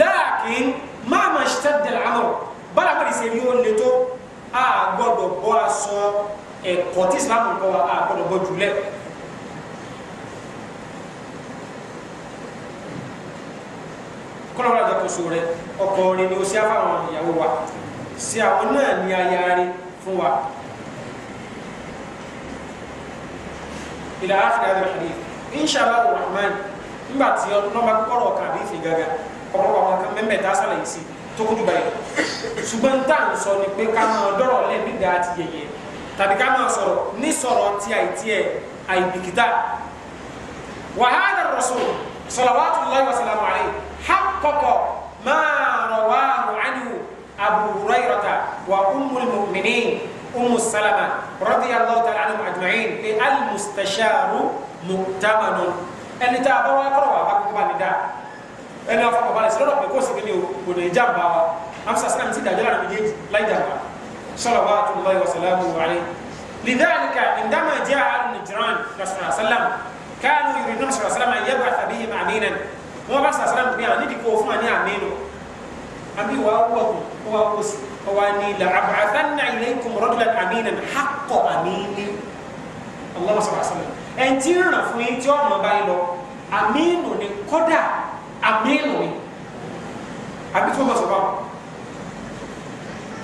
láàkín máa ma ṣiṣẹ́ dẹ̀lẹ̀ àmọ́ bára pẹ̀lú ìṣe ni ó le tó a bọ́ aṣọ ẹ̀kọ́ tí ìsìlámù kọ́ wa bọ́ jùlẹ̀ kọlọmọ àjọkóso rẹ ọkọ rẹ ni o sí àfàwọn ìyàwó wa sí àwọn náà ní aya rẹ fún wa. ìlà àfìdá rẹ kàdé inṣàlá rahman nígbà tí ọlọ́mọ akọ́rọ̀ kan àbí ìfì gàgà ọ̀pọ̀lọpọ̀ àwọn kan mẹ́mẹ́ta sálẹ̀ yìí sí tó kójú báyìí ṣùgbọ́n tá à ń sọ ni pé ká máa dọ́rọ̀ lẹ́ẹ̀mí ga àti yẹyẹ tàbí ká máa sọ̀rọ̀ ní sọ̀rọ̀ tí àìtí ẹ̀ àìbìkítà wàhálà rasul salawatullahi wa salamu alayhi حقق ما رواه abu أبو هريرة وأم المؤمنين أم سلمة رضي الله تعالى عنهم al المستشار مؤتمن ẹni tá a bá wá kọ́rọ̀ wá bá bá ní da ẹni wá fọkàn balẹ̀ sí lọ́dọ̀ pé kó sì ni o kò ní já bá wa amsa sinam ti dàjọ́ lára méjèèjì la jà bá salawatullahi wa salamuhu alayhi lidhalika indama jaa al-najran rasulullah sallam kanu yuridun rasulullah sallam an yab'atha bihi ma'minan wọn bá sàṣàrà mi pé àwọn nídìí kó fún wa ní àmì nù àbí wàá wọ kù kó wàá kó sí kó wàá ní ilà àbàtánà ilé kòmọ̀rọ́dúnlá àmì nà hakọ̀ àmì ní ọlọ́wọ́ sàṣàrà ẹ̀ ń tí ń ràn fún yín tí ọ̀nà bá yín lọ àmì nù ni kọ́dà àmì nù ni àbí tó bọ̀ sọ̀rọ̀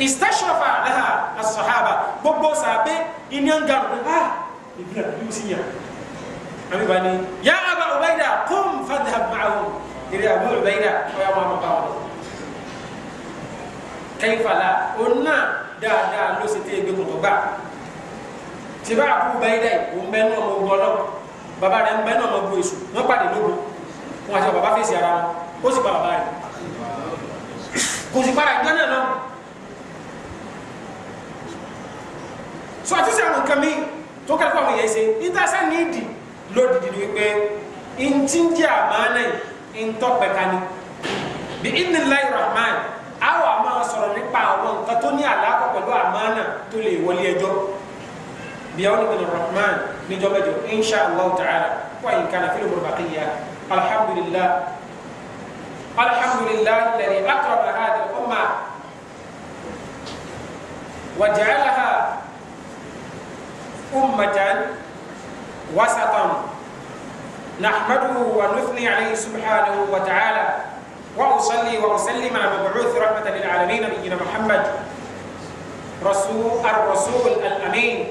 istashrafa laha as-sahaba gbogbo sàbẹ ìní ń ga rẹ ah ìbílẹ̀ bí ó sì yàn àmì bá ní yá Aba Ubayda qum fadhhab ma'ahum eré Abu Ubayda ọ̀yà wọn bá wọn. kẹ́yìnfàlà ọ̀nà dáadáa ló ṣe tẹ́ ẹgbẹ́ kọ̀tọ̀ gbà tìbá Abu Ubayda òun bẹ́ẹ̀ náà mo gbọ́ náà baba rẹ̀ ń bẹ́ẹ̀ náà mo bu èṣù wọ́n pàdé lógun wọn àti baba fèsì ara wọn ó sì pa baba rẹ̀ kò sì para ìgbà náà náà. so àti sẹ́wọ̀n kan mi tó kẹ́kọ̀ọ́ mi yẹn ṣe ní tá a sá ní ìdì lódìdí ni wípé ntí ń jẹ́ àmàlẹ́ ntọ́pẹ̀kani bí ìnìláyìí rahman àwọn àmà sọ̀rọ̀ nípa àwọn nǹkan tó ní àlàkọ̀ pẹ̀lú àmàlẹ́ tó lè wọlé ẹjọ́ bí àwọn ìbẹ̀rẹ̀ rahman níjọ́ mẹ́jọ insha allah ta'ala wáyé kan àfihàn mọ̀ bàkìyà alhamdulillah alhamdulillah lẹ́ni akrama hada umma wàjàláha ummatan. وسطا نحمده ونثني عليه سبحانه وتعالى وأصلي وأسلم على مبعوث رحمة للعالمين نبينا محمد رسول الرسول الأمين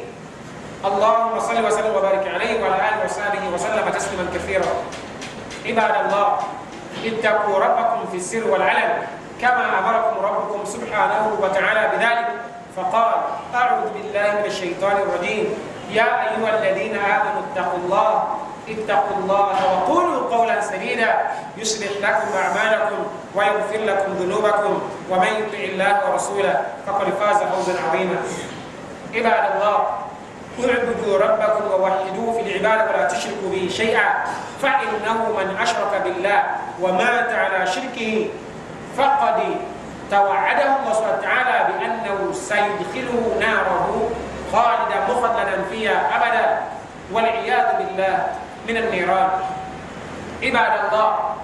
اللهم صل وسلم وبارك عليه وعلى آله وصحبه وسلم تسليما كثيرا عباد الله اتقوا ربكم في السر والعلن كما أمركم ربكم سبحانه وتعالى بذلك فقال أعوذ بالله من الشيطان الرجيم يا أيها الذين آمنوا اتقوا الله اتقوا الله وقولوا قولا سديدا يصلح لكم أعمالكم ويغفر لكم ذنوبكم ومن يطع الله ورسوله فقد فاز فوزا عظيما عباد الله اعبدوا ربكم ووحدوه في العبادة ولا تشركوا به شيئا فإنه من أشرك بالله ومات على شركه فقد توعده الله سبحانه وتعالى بأنه سيدخله ناره خالدا مخلدا فيها أبدا والعياذ بالله من النيران عباد الله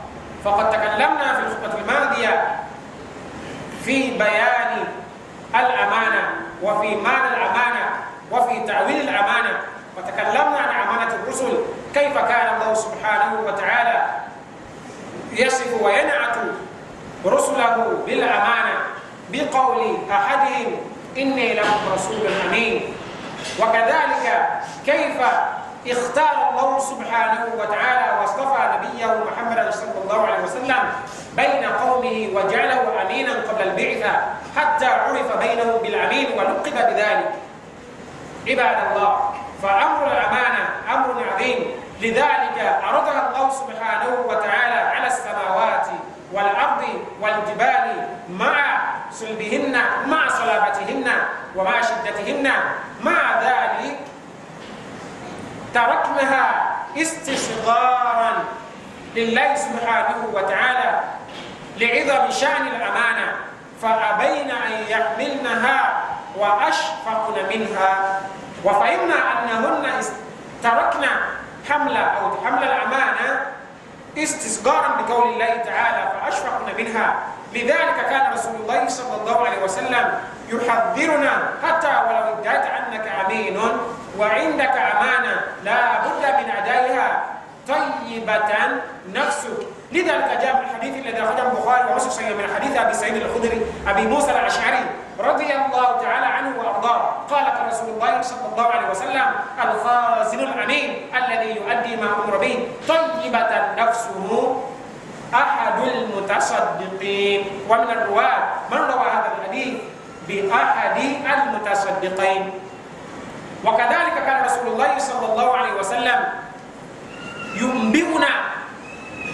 فقد تكلمنا في الخطبة الماضية في بيان الأمانة وفي معنى الأمانة وفي تعويل الأمانة وتكلمنا عن أمانة الرسل كيف كان الله سبحانه وتعالى يصف وينعت رسله بالأمانة بقول أحدهم إني لكم رسول أمين وكذلك كيف اختار الله سبحانه وتعالى واصطفى نبيه محمدا صلى الله عليه وسلم بين قومه وجعله امينا قبل البعثه حتى عرف بينه بالامين ولقب بذلك عباد الله فامر الامانه امر عظيم لذلك عرضها الله سبحانه وتعالى على السماوات والارض والجبال مع سلبهن مع صلابتهن ومع شدتهن مع ذلك تركنها استصغارا لله سبحانه وتعالى لعظم شأن الأمانة فأبين أن يحملنها وأشفقن منها وفهمنا أنهن تركنا حمل أو حمل الأمانة استصغارا بقول الله تعالى فأشفقنا منها لذلك كان رسول الله صلى الله عليه وسلم يحذرنا حتى ولو ادعت أنك أمين وعندك أمانة لا بد من أدائها طيبة نفسك لذلك جاء من الحديث الذي أخرجه البخاري ومسلم صلى من حديث أبي سعيد الخدري أبي موسى الأشعري رضي الله تعالى عنه وأرضاه قال كان رسول الله صلى الله عليه وسلم الخازن الأمين الذي يؤدي ما أمر به طيبة نفسه أحد المتصدقين ومن الرواة من روى هذا الحديث بأحد المتصدقين وكذلك كان رسول الله صلى الله عليه وسلم ينبئنا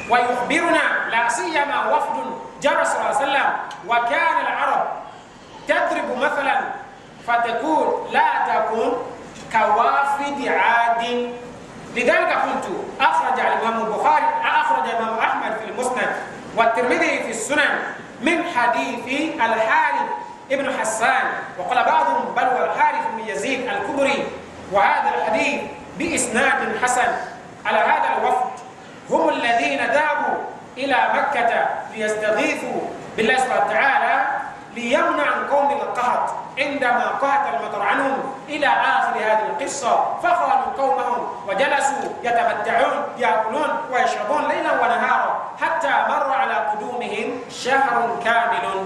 ويخبرنا لا سيما وفد جرى صلى الله عليه وسلم وكان العرب تضرب مثلا فتقول لا تكن كوافد عاد لذلك قلت أخرج الإمام البخاري أخرج الإمام أحمد في المسند والترمذي في السنن من حديث الحارث ابن حسان وقال بعضهم بل والحارث بن يزيد الكبري وهذا الحديث بإسناد حسن على هذا الوفد هم الذين ذهبوا إلى مكة ليستغيثوا بالله سبحانه وتعالى ليمنع القوم القهط عندما قهت المطر عنهم إلى آخر هذه القصة فخانوا قومهم وجلسوا يتمتعون يأكلون ويشربون ليلا ونهارا حتى مر على قدومهم شهر كامل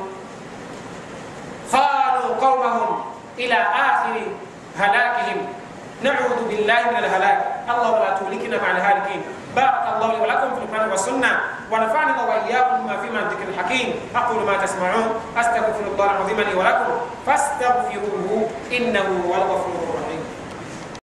خانوا قومهم إلى آخر هلاكهم نعوذ بالله من الهلاك اللهم لا تهلكنا مع الهالكين بارك الله لي ولكم في القرآن والسنة ونفعني وإياكم ما فيما ذكر الحكيم أقول ما تسمعون أستغفر الله العظيم لي ولكم فاستغفروه إنه هو الغفور الرحيم